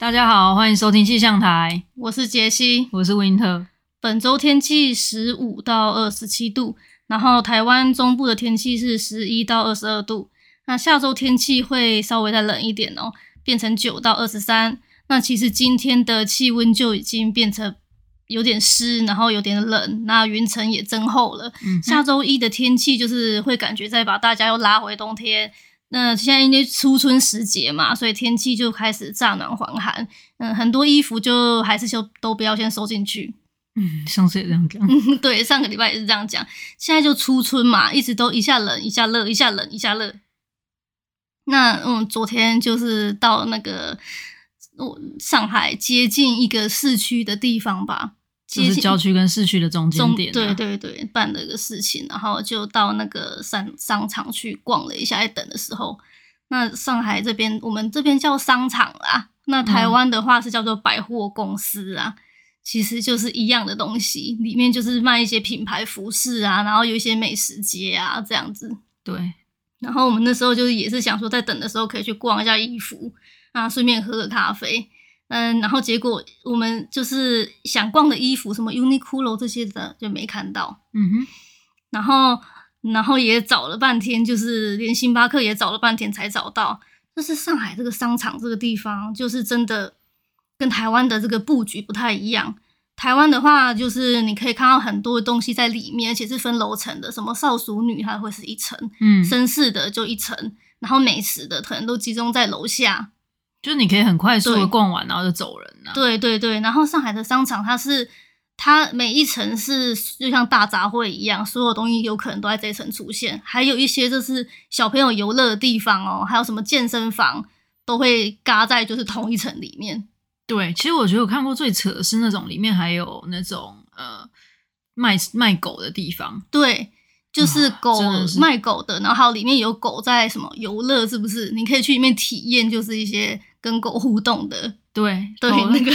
大家好，歡迎收聽氣象台，我是傑西，我是溫特。本周天氣十五到二十七度，然後台灣中部的天氣是十一到二十二度。那下周天氣會稍微再冷一點哦，變成九到二十三。那其實今天的氣溫就已經變成有點濕，然後有點冷，那雲層也增厚了，嗯。下周一的天氣就是會感覺再把大家又拉回冬天。那、嗯、現在因為初春時節嘛，所以天氣就開始乍暖還寒。嗯，很多衣服就還是就都不要先收進去。嗯，上次也這樣講。嗯，對，上個禮拜也是這樣講。現在就初春嘛，一直都一下冷一下熱，一下冷一下熱。那嗯，昨天就是到那個我上海接近一個市區的地方吧。就是郊區跟市區的中間點，啊、中間點，對對對，辦了個事情，然後就到那個商商場去逛了一下。在等的時候，那上海這邊我們這邊叫商場啦，那台灣的話是叫做百貨公司啊、嗯，其實就是一樣的東西，裡面就是賣一些品牌服飾啊，然後有一些美食街啊這樣子。對，然後我們那時候就是也是想說，在等的時候可以去逛一下衣服，啊，順便喝個咖啡。嗯，然後結果我們就是想逛的衣服，什麼 UNIQLO 這些的就沒看到。嗯哼，然後然後也找了半天，就是連星巴克也找了半天才找到。就是上海這個商場這個地方，就是真的跟台灣的這個布局不太一樣。台灣的話，就是你可以看到很多東西在裡面，而且是分樓層的，什麼少淑女它會是一層，嗯，紳士的就一層，然後美食的可能都集中在樓下。就是你可以很快速的逛完，然後就走人了、啊。對對對，然後上海的商場，它是它每一層是就像大雜燴一樣，所有東西有可能都在這一層出現。還有一些就是小朋友遊樂的地方哦，還有什麼健身房都會嘎在就是同一層裡面。對，其實我覺得我看過最扯的是那種裡面還有那種呃賣賣狗的地方。對，就是狗、啊、是賣狗的，然後還有裡面有狗在什麼遊樂，是不是？你可以去裡面體驗，就是一些。跟狗互動的，對對、哦，那個，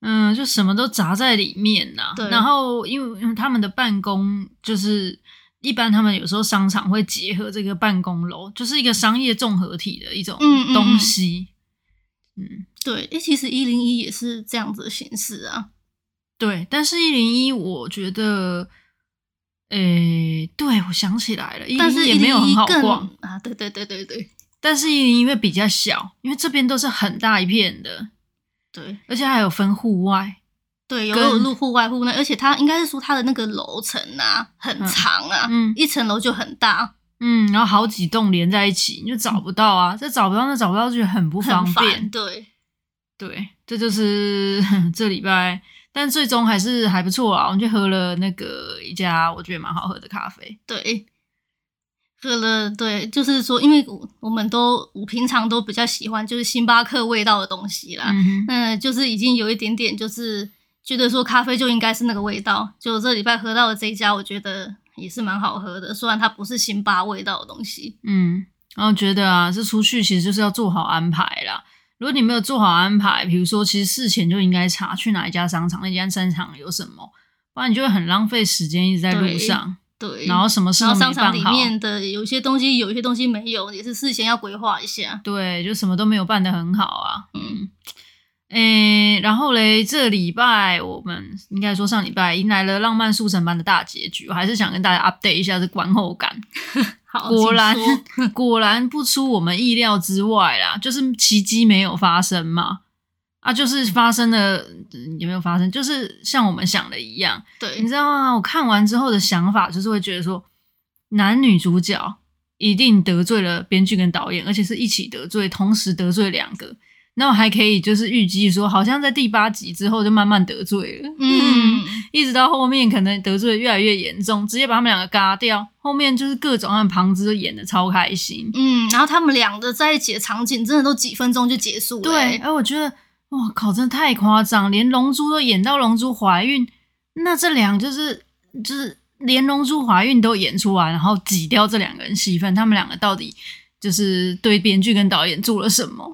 嗯，就什麼都砸在裡面吶、啊。然後因為他們的辦公就是一般，他們有時候商場會結合這個辦公樓，就是一個商業綜合體的一種東西。嗯，嗯嗯嗯對。其實一零一也是這樣子的形式啊。對，但是一零一，我覺得，誒、欸，對我想起來了，但是也沒有很好逛啊。對對對對對。但是因因為比較小，因為這邊都是很大一片的，對，而且還有分戶外，對，有路戶外戶、戶外，而且它應該是說它的那個樓層啊，很長啊，嗯，一層樓就很大，嗯，然後好幾棟連在一起，你就找不到啊，這、嗯、找不到，那找不到就很不方便，對，對，這就是這禮拜， 但最終還是還不錯啊，我們就喝了那個一家我覺得蠻好喝的咖啡，對。喝了，對，就是說，因為我我們都我平常都比較喜歡就是星巴克味道的東西啦嗯哼，嗯，就是已經有一點點就是覺得說咖啡就應該是那個味道，就這禮拜喝到的這一家，我覺得也是蠻好喝的，雖然它不是星巴味道的東西，嗯，然後覺得啊，這出去其實就是要做好安排啦，如果你沒有做好安排，比如說其實事前就應該查去哪一家商場，那家商場有什麼，不然你就會很浪費時間一直在路上。對，然後什麼事？然後，商場裡面的有些東西，有一些東西沒有，也是事先要規劃一下。對，就什麼都沒有辦得很好啊。嗯，誒，然後嘞，這禮拜我們應該說，上禮拜迎來了浪漫速成班的大結局，我還是想跟大家 update 一下這觀後感。 果然，果然不出我們意料之外啦，就是奇蹟沒有發生嘛。啊，就是發生了，也、嗯、沒有發生？就是像我們想的一樣。對，你知道嗎？我看完之後的想法就是會覺得說，男女主角一定得罪了編劇跟導演，而且是一起得罪，同時得罪兩個。那我還可以就是預計說，好像在第八集之後就慢慢得罪了，嗯，嗯一直到後面可能得罪得越來越嚴重，直接把他們兩個嘎掉。後面就是各種旁支演的超開心，嗯，然後他們兩個在一起的場景真的都幾分鐘就結束了，欸。對，哎、啊，我覺得。哇靠！考真的太誇張，連龍珠都演到龍珠懷孕，那這兩就是就是連龍珠懷孕都演出來，然後擠掉這兩個人戲份，他們兩個到底就是對編劇跟導演做了什麼？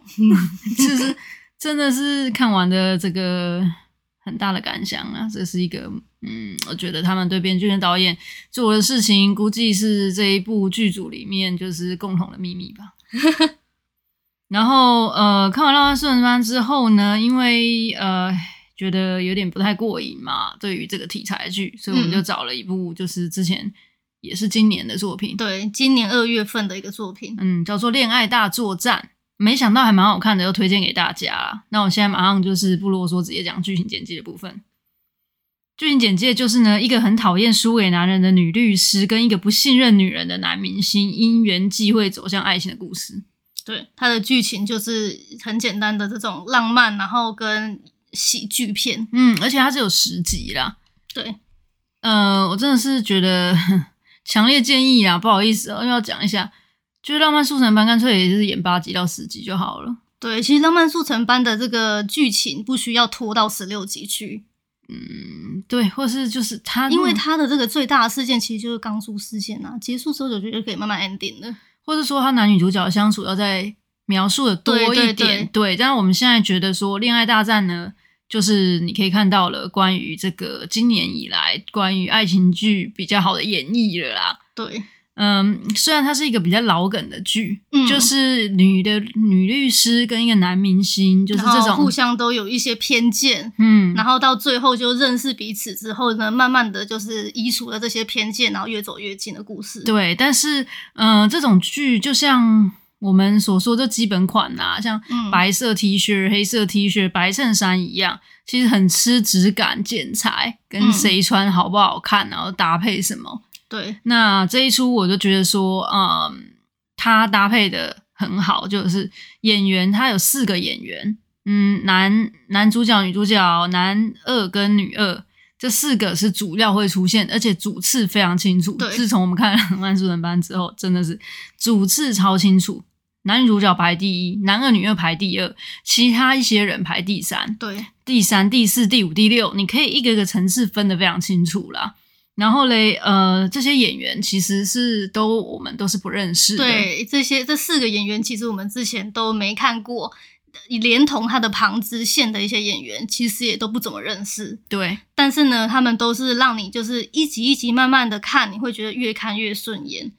就 是真的是看完的這個很大的感想啊！這是一個嗯，我覺得他們對編劇跟導演做的事情，估計是這一部劇組裡面就是共同的秘密吧。 然後，呃，看完《浪漫聖誕》之後呢，因為呃覺得有點不太過癮嘛，對於這個題材劇，所以我們就找了一部，就是之前也是今年的作品，嗯、對，今年二月份的一個作品，嗯，叫做《戀愛大作戰》，沒想到還蠻好看的，又推薦給大家啦。那我現在馬上就是不囉嗦，直接講劇情簡介的部分。劇情簡介就是呢，一個很討厭輸給男人的女律師，跟一個不信任女人的男明星，因緣際會走向愛情的故事。對，它的劇情就是很簡單的這種浪漫，然後跟喜劇片。嗯，而且它是有十集啦。對，呃，我真的是覺得強烈建議啊，不好意思喔，又要講一下，就是《浪漫速成班》乾脆也就是演八集到十集就好了。對，其實《浪漫速成班》的這個劇情不需要拖到十六集去。嗯，對，或是就是它，因為它的這個最大的事件，其實就是鋼珠事件啊，結束之後就覺得就可以慢慢 ending 了。或者說他男女主角的相處要再描述的多一點，對、對、對、對。但是我們現在覺得說《戀愛大戰》呢，就是你可以看到了關於這個今年以來關於愛情劇比較好的演繹了啦。對。嗯，雖然它是一個比較老梗的劇，嗯，就是女的女律師跟一個男明星，就是這種，然後互相都有一些偏見，嗯，然後到最後就認識彼此之後呢，慢慢的就是移除了這些偏見，然後越走越近的故事。對，但是，嗯，呃，這種劇就像我們所說的“基本款”啊，像白色 T 恤、嗯，黑色 T 恤、白襯衫一樣，其實很吃質感、剪裁跟誰穿好不好看，嗯，然後搭配什麼。對，那這一出我就覺得說，嗯，他搭配的很好，就是演員他有四個演員，嗯，男男主角、女主角、男二跟女二，這四個是主要會出現，而且主次非常清楚。對，自從我們看了《萬素人班》之後，真的是主次超清楚，男女主角排第一，男二女二排第二，其他一些人排第三，對，第三、第四、第五、第六，你可以一個一個層次分的非常清楚啦。然後嘞，呃，這些演員其實是都我們都是不認識的。對，這些這四個演員其實我們之前都沒看過，連同他的旁支線的一些演員，其實也都不怎麼認識。對。但是呢，他們都是讓你就是一集一集慢慢的看，你會覺得越看越順眼，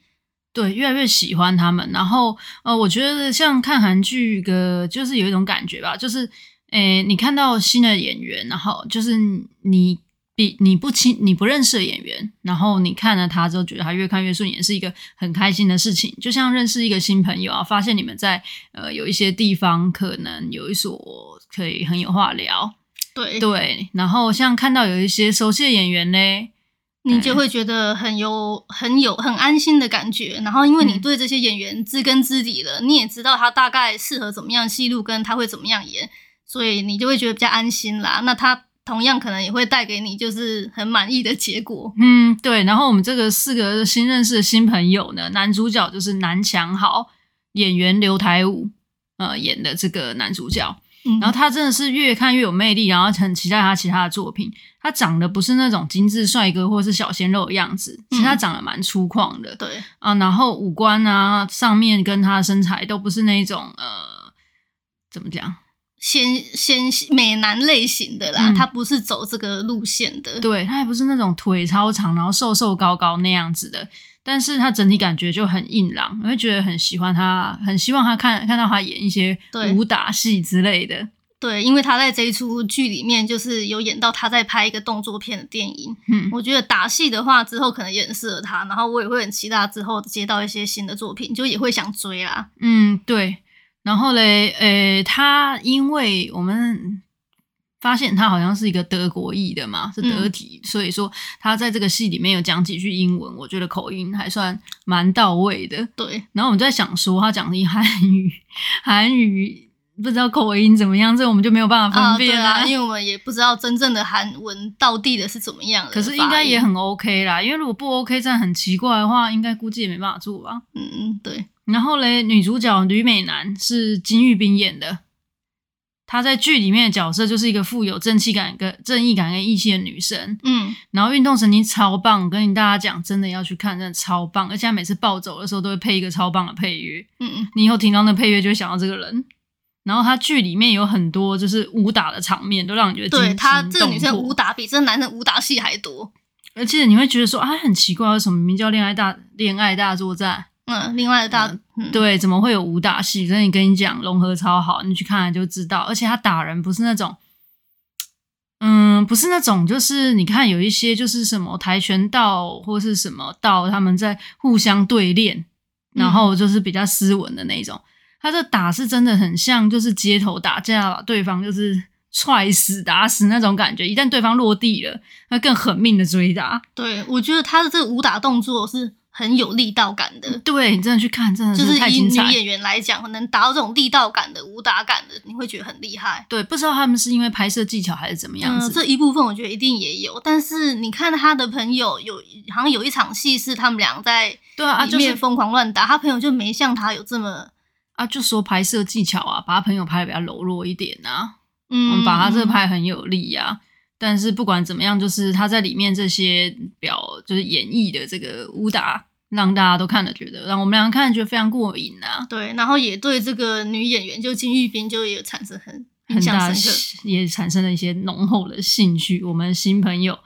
對，越來越喜歡他們。然後，呃，我覺得像看韓劇的，就是有一種感覺吧，就是，誒，你看到新的演員，然後就是你。比你不親、你不認識的演員，然後你看了他之後，覺得他越看越順眼，是一個很開心的事情。就像認識一個新朋友啊，發現你們在呃有一些地方可能有一所可以很有話聊。對對，然後像看到有一些熟悉的演員呢，你就會覺得很有、很有、很安心的感覺。然後因為你對這些演員知根知底了，嗯，你也知道他大概適合怎麼樣戲路，跟他會怎麼樣演，所以你就會覺得比較安心啦。那他。同樣可能也會帶給你，就是很滿意的結果。嗯，對。然後我們這個四個新認識的新朋友呢，男主角就是南牆好演員劉台武，呃演的這個男主角，嗯。然後他真的是越看越有魅力，然後很期待他其他的作品。他長得不是那種精緻帥哥或是小鮮肉的樣子，其實他長得蠻粗獷的。嗯，對啊，然後五官啊上面跟他的身材都不是那種呃，怎麼講？先先美男類型的啦，嗯，他不是走這個路線的，對，他也不是那種腿超長然後瘦瘦高高那樣子的，但是他整體感覺就很硬朗，我會覺得很喜歡他，很希望他看看到他演一些武打戲之類的對，對，因為他在這一出劇裡面就是有演到他在拍一個動作片的電影，嗯，我覺得打戲的話之後可能也很適合他，然後我也會很期待之後接到一些新的作品，就也會想追啦，嗯，對。然後嘞，呃、欸，他因為我們發現他好像是一個德國裔的嘛，是德籍，嗯、所以說他在這個戲裡面有講幾句英文，我覺得口音還算蠻到位的。對。然後我們就在想說，他講的韓語，韓語，韓語不知道口音怎麼樣？這我們就沒有辦法分辨啦，啊啊啊，因為我們也不知道真正的韓文道地的是怎麼樣。可是應該也很 OK 啦，因為如果不 OK，這樣很奇怪的話，應該估計也沒辦法做吧。嗯嗯，對。然後嘞，女主角呂美男是金玉彬演的，她在劇裡面的角色就是一個富有正氣感，跟正義感，跟義氣的女生。嗯，然後運動神經超棒，我跟你大家講，真的要去看，真的超棒。而且她每次暴走的時候都會配一個超棒的配樂。嗯嗯，你以後聽到那個配樂就會想到這個人。然後她劇裡面有很多就是武打的場面，都讓你覺得，對，她這個女生武打比這個男人武打戲還多，而且你會覺得說啊，很奇怪，為什麼名叫《戀愛大戀愛大作戰》？嗯，另外的大，嗯、對，怎麼會有武打戲？所以你跟你講融合超好，你去看了就知道。而且他打人不是那種，嗯，不是那種，就是你看有一些就是什麼跆拳道或是什麼道，他們在互相對練、嗯，然後就是比較斯文的那種。他這打是真的很像就是街頭打架，對方就是踹死、打死那種感覺。一旦對方落地了，他更狠命的追打。對，我覺得他的這個武打動作是。很有力道感的，對，你真的去看，真的,真的是太精彩、就是、以女演員來講，能達到這種力道感的，武打感的，你會覺得很厲害。對，不知道他們是因為拍攝技巧還是怎麼樣子、嗯。這一部分我覺得一定也有，但是你看他的朋友有，好像有一場戲是他們倆在對啊,啊就面、是、瘋狂亂打，他朋友就沒像他有這麼啊，就說拍攝技巧啊，把他朋友拍的比較柔弱一點啊，嗯，我們把他這個拍很有力啊、嗯。但是不管怎麼樣，就是他在裡面這些表就是演繹的這個武打。讓大家都看了覺得，讓我們兩個，看了覺得非常過癮啊！對，然後也對這個女演員就金玉彬就也產生很很印象深刻很大也產生了一些濃厚的興趣。我們的新朋友，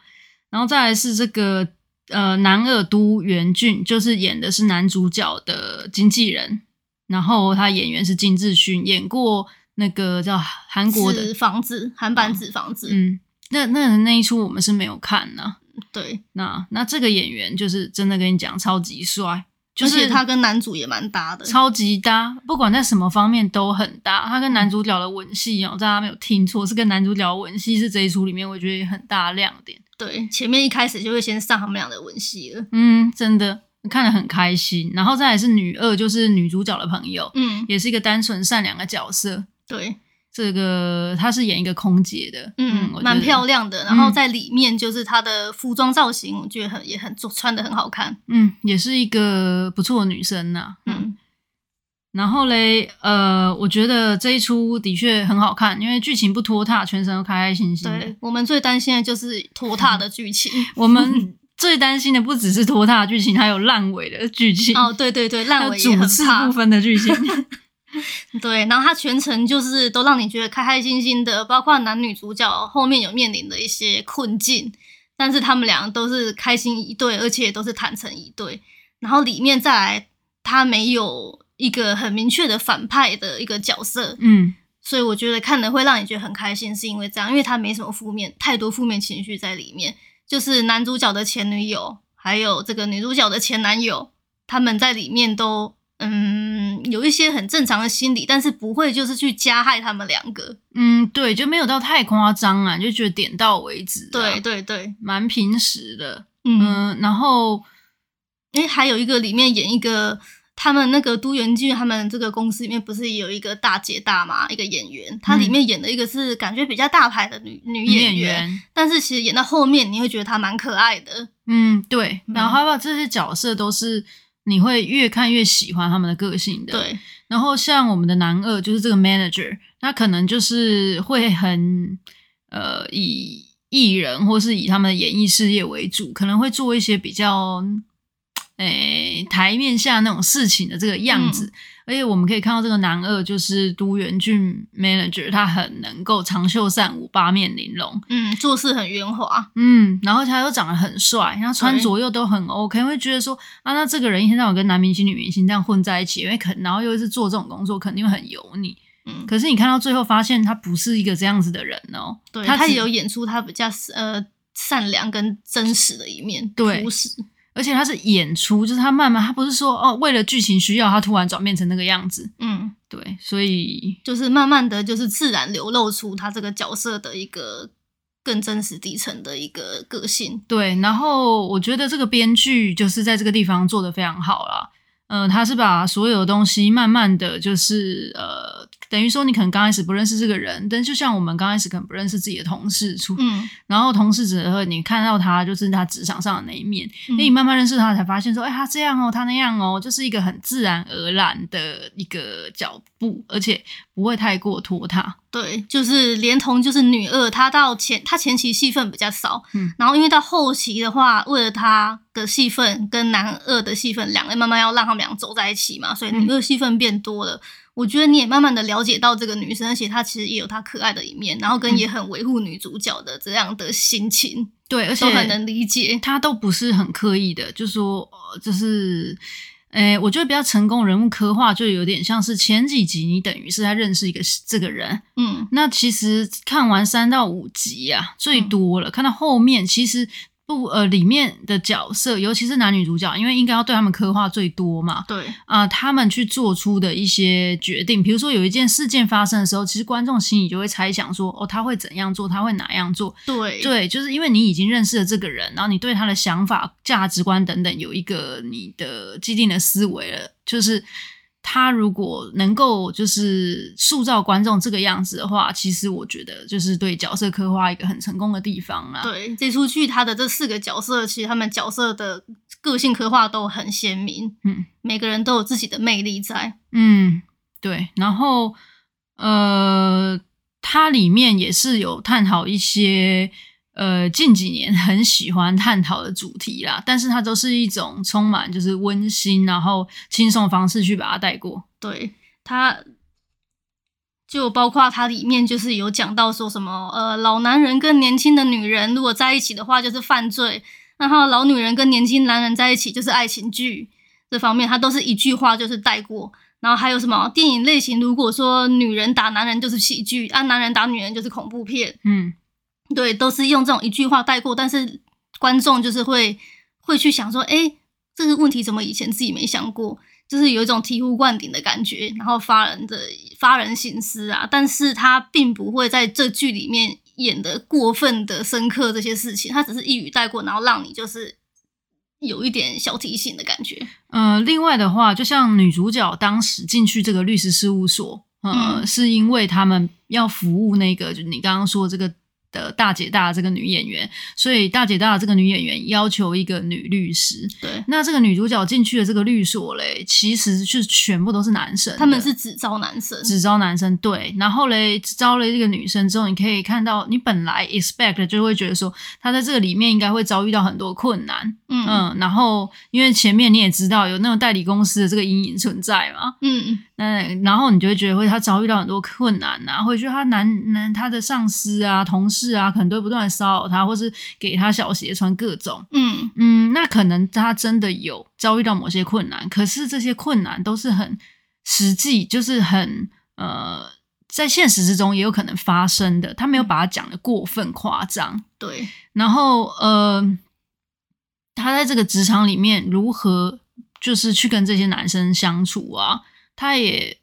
然後再來是這個呃男二都元俊，就是演的是男主角的經紀人，然後他演員是金智勳，演過那個叫韓國的《紙房子》韓版《紙房子》。嗯，那那那一出我們是沒有看呢、啊。對，那那這個演員就是真的跟你講，超級帥，就是他跟男主也蠻搭的，超級搭，不管在什麼方面都很搭。他跟男主角的吻戲哦，大家沒有聽錯，是跟男主角吻戲，是這一出裡面我覺得很大亮點。對，前面一開始就會先上他們倆的吻戲了。嗯，真的看得很開心。然後再來是女二，就是女主角的朋友，嗯，也是一個單純善良的角色。對。這個她是演一個空姐的，嗯，蠻、嗯、漂亮的、嗯。然後在裡面就是她的服裝造型，我覺得很、嗯、也很做穿的很好看。嗯，也是一個不錯的女生吶、啊。嗯，然後嘞，呃，我覺得這一出的確很好看，因為劇情不拖沓，全程都開開心心的。對，我們最擔心的就是拖沓的劇情。 我們最擔心的不只是拖沓劇情，還有爛尾的劇情。哦，對對對，爛尾也很部分的劇情。 對，然後他全程就是都讓你覺得開開心心的，包括男女主角後面有面臨的一些困境，但是他們兩個都是開心一對，而且都是坦誠一對。然後裡面再來，他沒有一個很明確的反派的一個角色，嗯，所以我覺得看了會讓你覺得很開心，是因為這樣，因為他沒什麼負面，太多負面情緒在裡面。就是男主角的前女友，還有這個女主角的前男友，他們在裡面都。嗯，有一些很正常的心理，但是不會就是去加害他們兩個。嗯，對，就沒有到太誇張啊，就覺得點到為止。對對對，蠻平實的。嗯，呃、然後，誒，還有一個裡面演一個他們那個都元俊他們這個公司裡面不是也有一個大姐大嘛一個演員、嗯，他裡面演的一個是感覺比較大牌的女女演,女演員，但是其實演到後面你會覺得她蠻可愛的。嗯，對。然後還有這些角色都是。你會越看越喜歡他們的個性的。對，然後像我們的男二，就是這個 manager，他可能就是會很呃，以藝人或是以他們的演藝事業為主，可能會做一些比較誒、欸、台面下那種事情的這個樣子。嗯。而且我們可以看到，這個男二就是都元俊 manager，他很能夠長袖善舞，八面玲瓏，嗯，做事很圓滑，嗯，然後他又長得很帥，然後穿着又都很 OK，會覺得說啊，那這個人一天到晚跟男明星、女明星這樣混在一起，因為肯，然後又是做這種工作，肯定會很油膩，嗯。可是你看到最後，發現他不是一個這樣子的人哦，對，他也有演出他比較呃善良跟真實的一面，對。而且他是演出，就是他慢慢，他不是說哦，為了劇情需要，他突然轉變成那個樣子。嗯，對，所以就是慢慢的就是自然流露出他這個角色的一個更真實底層的一個個性。對，然後我覺得這個編劇就是在這個地方做得非常好啦。嗯、呃，他是把所有的東西慢慢的就是呃。等於說你可能剛開始不認識這個人，但就像我們剛開始可能不認識自己的同事處，嗯、然後同事之後，你看到他就是他職場上的那一面，那、嗯、你慢慢認識他才發現說，哎，他這樣哦，他那樣哦，就是一個很自然而然的一個腳步，而且不會太過拖沓。對，就是連同就是女二，她到前她前期戲份比較少，嗯，然後因為到後期的話，為了她的戲份跟男二的戲份，兩個人慢慢要讓他們倆走在一起嘛，所以女二戲份變多了。嗯我覺得你也慢慢的了解到這個女生，而且她其實也有她可愛的一面，然後跟也很維護女主角的這樣的心情，嗯、對，而且都很能理解，她都不是很刻意的，就是說就、呃、是，誒，我覺得比較成功人物刻畫，就有點像是前幾集你等於是在認識一個這個人，嗯，那其實看完三到五集啊，最多了，嗯、看到後面其實。呃，裡面的角色，尤其是男女主角，因為應該要對他們刻畫最多嘛。對啊，呃，他們去做出的一些決定，比如說有一件事件發生的時候，其實觀眾心裡就會猜想說，哦，他會怎樣做，他會哪樣做。對對，就是因為你已經認識了這個人，然後你對他的想法、價值觀等等有一個你的既定的思維了，就是。他如果能夠就是塑造觀眾這個樣子的話，其實我覺得就是對角色刻畫一個很成功的地方啦。對，這出劇他的這四個角色，其實他們角色的個性刻畫都很鮮明，嗯，每個人都有自己的魅力在，嗯，對。然後呃，它裡面也是有探討一些。呃，近幾年很喜歡探討的主題啦，但是它都是一種充滿就是溫馨然後輕鬆的方式去把它帶過。對它，就包括它裡面就是有講到說什麼呃老男人跟年輕的女人如果在一起的話就是犯罪，然後老女人跟年輕男人在一起就是愛情劇這方面，它都是一句話就是帶過。然後還有什麼電影類型？如果說女人打男人就是喜劇，啊男人打女人就是恐怖片，嗯。對，都是用這種一句話帶過，但是觀眾就是會會去想說，哎，這個問題怎麼以前自己沒想過？就是有一種醍醐灌頂的感覺，然後發人的發人心思啊！但是他並不會在這劇裡面演得過分的深刻這些事情，他只是一語帶過，然後讓你就是有一點小提醒的感覺。嗯、呃，另外的話，就像女主角當時進去這個律師事務所，呃、嗯，是因為他們要服務那個，就你剛剛說這個。的大姐大的這個女演員，所以大姐大的這個女演員要求一個女律師。對，那這個女主角進去的這個律所嘞，其實是全部都是男生，他們是只招男生，只招男生。對，然後嘞招了這個女生之後，你可以看到，你本來 expect 就會覺得說，她在這個裡面應該會遭遇到很多困難。嗯嗯，然後因為前面你也知道有那種代理公司的這個陰影存在嘛。嗯。嗯，然後你就會覺得會他遭遇到很多困難吶、啊，會覺得他男男他的上司啊、同事啊，可能都會不斷騷擾他，或是給他小鞋穿各種。嗯嗯，那可能他真的有遭遇到某些困難，可是這些困難都是很實際，就是很呃，在現實之中也有可能發生的。他沒有把他講得過分誇張。對，然後呃，他在這個職場裡面如何就是去跟這些男生相處啊，他也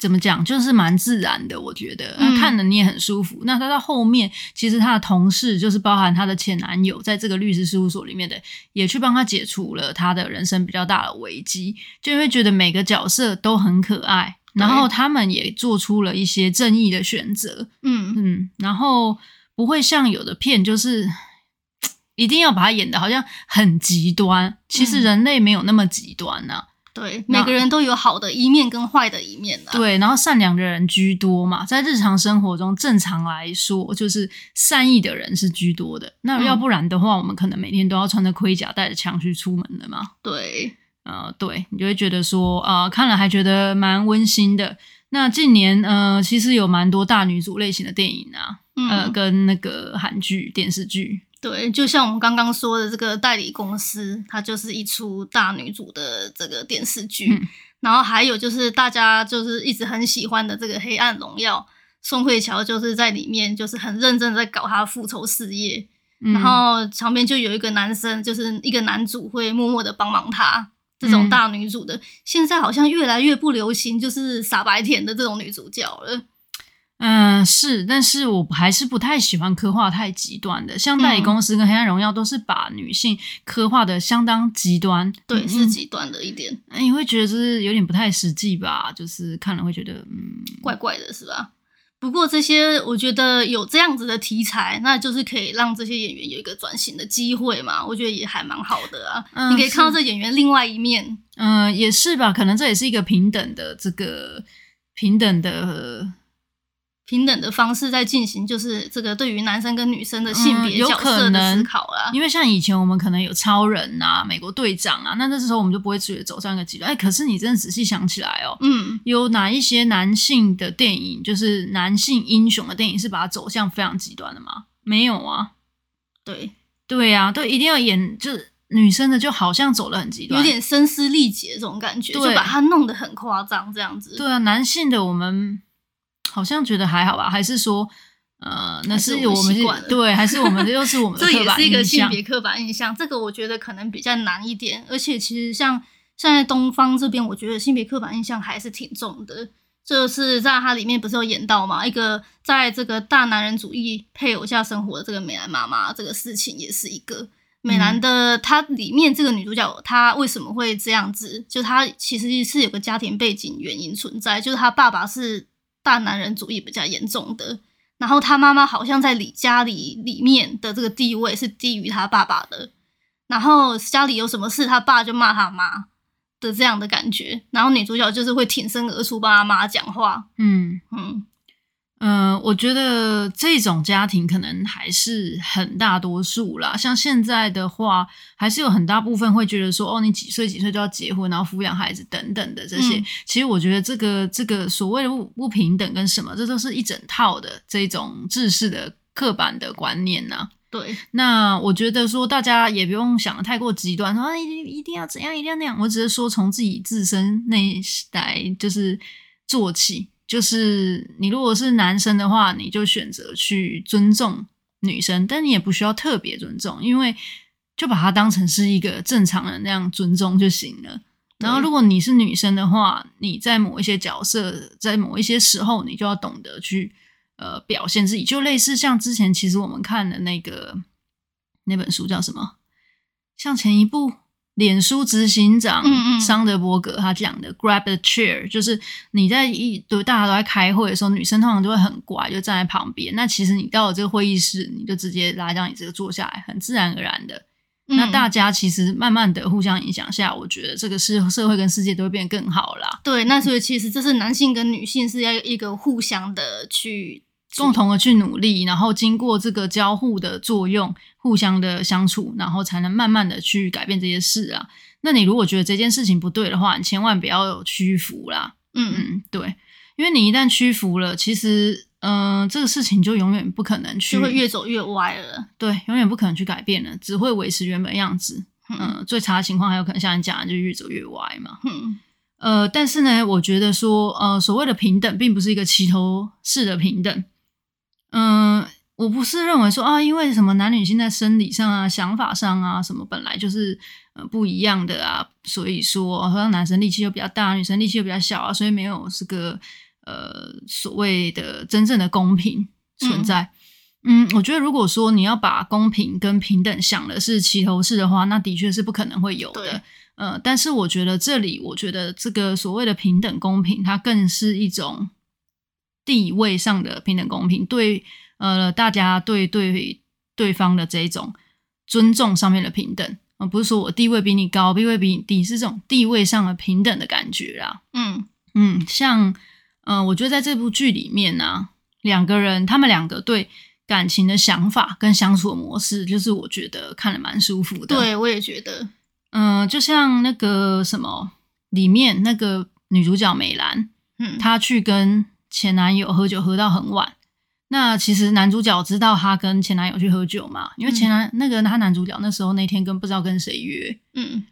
怎麼講，就是蠻自然的，我覺得看了你也很舒服、嗯。那他到後面，其實他的同事就是包含他的前男友，在這個律師事務所裡面的，也去幫他解除了他的人生比較大的危機。就會覺得每個角色都很可愛，然後他們也做出了一些正義的選擇。嗯嗯，然後不會像有的片，就是一定要把他演的好像很極端，其實人類沒有那麼極端呢、啊。嗯對，每個人都有好的一面跟壞的一面的、啊。對，然後善良的人居多嘛，在日常生活中，正常來說就是善意的人是居多的。那要不然的話，嗯、我們可能每天都要穿着盔甲、帶着槍去出門的嘛。對，呃，對，你就會覺得說，呃，看了還覺得蠻溫馨的。那近年，呃，其實有蠻多大女主類型的電影啊，嗯、呃，跟那個韓劇、電視劇。對，就像我們剛剛說的這個代理公司，它就是一出大女主的這個電視劇。嗯、然後還有就是大家就是一直很喜歡的這個《黑暗榮耀》，宋慧喬就是在裡面就是很認真的在搞她復仇事業，嗯，然後旁邊就有一個男生，就是一個男主會默默的幫忙她。這種大女主的，嗯，現在好像越來越不流行，就是傻白甜的這種女主角了。嗯，是，但是我還是不太喜歡刻畫太極端的，像《代理公司》跟《黑暗榮耀》都是把女性刻畫的相當極端、嗯嗯，對，是極端的一點。那、嗯、你會覺得就是有點不太實際吧？就是看了會覺得嗯，怪怪的是吧？不過這些我覺得有這樣子的題材，那就是可以讓這些演員有一個轉型的機會嘛，我覺得也還蠻好的啊。嗯、你可以看到這演員另外一面，嗯，也是吧？可能這也是一個平等的這個平等的平等的方式在進行，就是這個對於男生跟女生的性別角色的思考啊、嗯。因為像以前我們可能有超人啊、美國隊長啊，那那時候我們就不會直接走上一個極端。哎、欸，可是你真的仔細想起來哦、喔，嗯，有哪一些男性的電影，就是男性英雄的電影，是把它走向非常極端的嗎？沒有啊。對，對呀、啊，對，一定要演就是女生的，就好像走得很極端，有點聲嘶力竭這種感覺，就把它弄得很誇張這樣子。對啊，男性的我們。好像覺得還好吧，還是說，呃，那是我們對，還是我們的， 又是我們的刻板印象。這也是一個性別刻板印象，這個我覺得可能比較難一點。而且其實像現在東方這邊，我覺得性別刻板印象還是挺重的。就是在它裡面不是有演到嘛，一個在這個大男人主義配偶下生活的這個美男媽媽，這個事情也是一個美男的。她裡面這個女主角她為什麼會這樣子？就她其實是有個家庭背景原因存在，就是她爸爸是。大男人主義比較嚴重的，然後他媽媽好像在裡家裡裡面的這個地位是低於他爸爸的，然後家裡有什麼事，他爸就罵他媽的這樣的感覺，然後女主角就是會挺身而出，幫他媽講話，嗯嗯。嗯，我覺得這種家庭可能還是很大多數啦。像現在的話，還是有很大部分會覺得說，哦，你幾歲幾歲就要結婚，然後撫養孩子等等的這些。嗯、其實我覺得這個這個所謂的不不平等跟什麼，這都是一整套的這種制式的刻板的觀念吶、啊。對。那我覺得說大家也不用想得太過極端，然一一一定要怎樣，一定要那樣。我只是說從自己自身那一來，就是做起。就是你如果是男生的話，你就選擇去尊重女生，但你也不需要特別尊重，因為就把它當成是一個正常人那樣尊重就行了。然後如果你是女生的話，你在某一些角色，在某一些時候，你就要懂得去呃表現自己，就類似像之前其實我們看的那個那本書叫什麼？《向前一步》。臉書執行長，嗯，桑德伯格他講的嗯嗯，grab the chair，就是你在一，都大家都在開會的時候，女生通常就會很乖，就站在旁邊。那其實你到了這個會議室，你就直接拉著你這個坐下來，很自然而然的。那大家其實慢慢的互相影響下，嗯、我覺得這個是社會跟世界都會變得更好啦。對，那所以其實這是男性跟女性是要一個互相的去。共同的去努力，然後經過這個交互的作用，互相的相處，然後才能慢慢的去改變這些事啊。那你如果覺得這件事情不對的話，你千萬不要有屈服啦。嗯嗯，對，因為你一旦屈服了，其實，嗯、呃，這個事情就永遠不可能去，就會越走越歪了。對，永遠不可能去改變了，只會維持原本樣子。嗯，呃、最差的情況還有可能像你講的，就是越走越歪嘛。嗯嗯。呃，但是呢，我覺得說，呃，所謂的平等，並不是一個齊頭式的平等。嗯，我不是認為說啊，因為什麼男女性在生理上啊、想法上啊什麼本來就是不一樣的啊，所以說好像男生力氣就比較大，女生力氣就比較小啊，所以沒有這個呃所謂的真正的公平存在嗯。嗯，我覺得如果說你要把公平跟平等想的是齊頭式的話，那的確是不可能會有的。呃、嗯，但是我覺得這裡，我覺得這個所謂的平等公平，它更是一種。地位上的平等公平，對呃，大家對對對方的這一種尊重上面的平等，而、呃、不是說我地位比你高，地位比你低，是這種地位上的平等的感覺啦。嗯嗯，像呃我覺得在這部劇裡面呢、啊，兩個人他們兩個對感情的想法跟相處的模式，就是我覺得看得蠻舒服的。對，我也覺得。嗯、呃，就像那個什麼裡面那個女主角美蘭，嗯，她去跟。前男友喝酒喝到很晚，那其實男主角知道他跟前男友去喝酒嘛，因為前男、嗯、那個她他男主角那時候那天跟不知道跟誰約，嗯，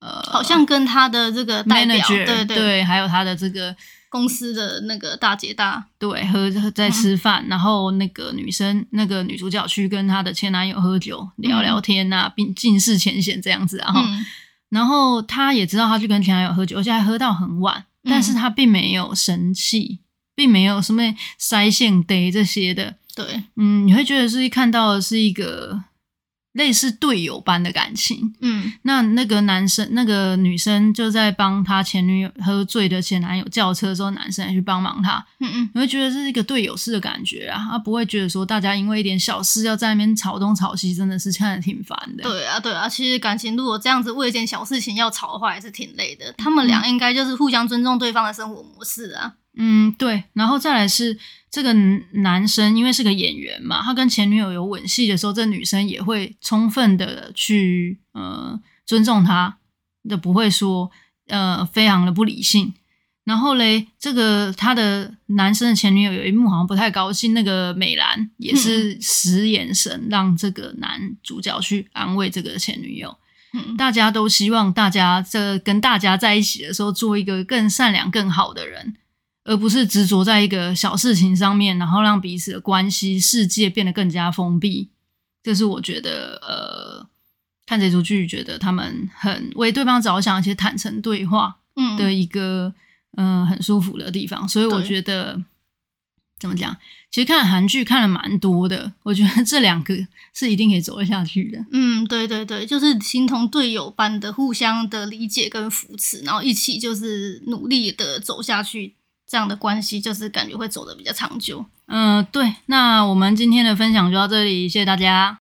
呃，好像跟他的這個代表，Manager, 對，對，對，對，還有他的這個公司的那個大姐大，對，喝在吃飯，嗯，然後那個女生，那個女主角去跟她的前男友喝酒聊聊天啊，並盡釋前嫌這樣子，啊，然、嗯、後，然後他也知道他去跟前男友喝酒，而且還喝到很晚，但是他並沒有生氣。嗯並沒有什麼腮線呆這些的，對，嗯，你會覺得是一看到的是一個類似隊友般的感情，嗯，那那個男生那個女生就在幫他前女友喝醉的前男友叫車的時候，男生還去幫忙他，嗯嗯，你會覺得是一個隊友式的感覺啊，他、啊、不會覺得說大家因為一點小事要在那邊吵東吵西，真的是看得挺煩的。對啊，對啊，其實感情如果這樣子為一件小事情要吵的話，還是挺累的。他們倆應該就是互相尊重對方的生活模式啊。嗯，對，然後再來是這個男生，因為是個演員嘛，他跟前女友有吻戲的時候，這個、女生也會充分的去呃尊重他，都不會說呃非常的不理性。然後嘞，這個他的男生的前女友有一幕好像不太高興，那個美蘭也是使眼神、嗯、讓這個男主角去安慰這個前女友。嗯，大家都希望大家這跟大家在一起的時候，做一個更善良、更好的人。而不是執着在一個小事情上面，然後讓彼此的關係世界變得更加封閉。這、就是我覺得，呃，看這齣劇覺得他們很為對方着想，一些坦誠對話，嗯，的一個，嗯、呃，很舒服的地方。所以我覺得，怎麼講，其實看韓劇看了蠻多的，我覺得這兩個是一定可以走得下去的。嗯，對對對，就是形同隊友般的互相的理解跟扶持，然後一起就是努力的走下去。這樣的關係就是感覺會走得比較長久。嗯，對，那我們今天的分享就到這裡，謝謝大家。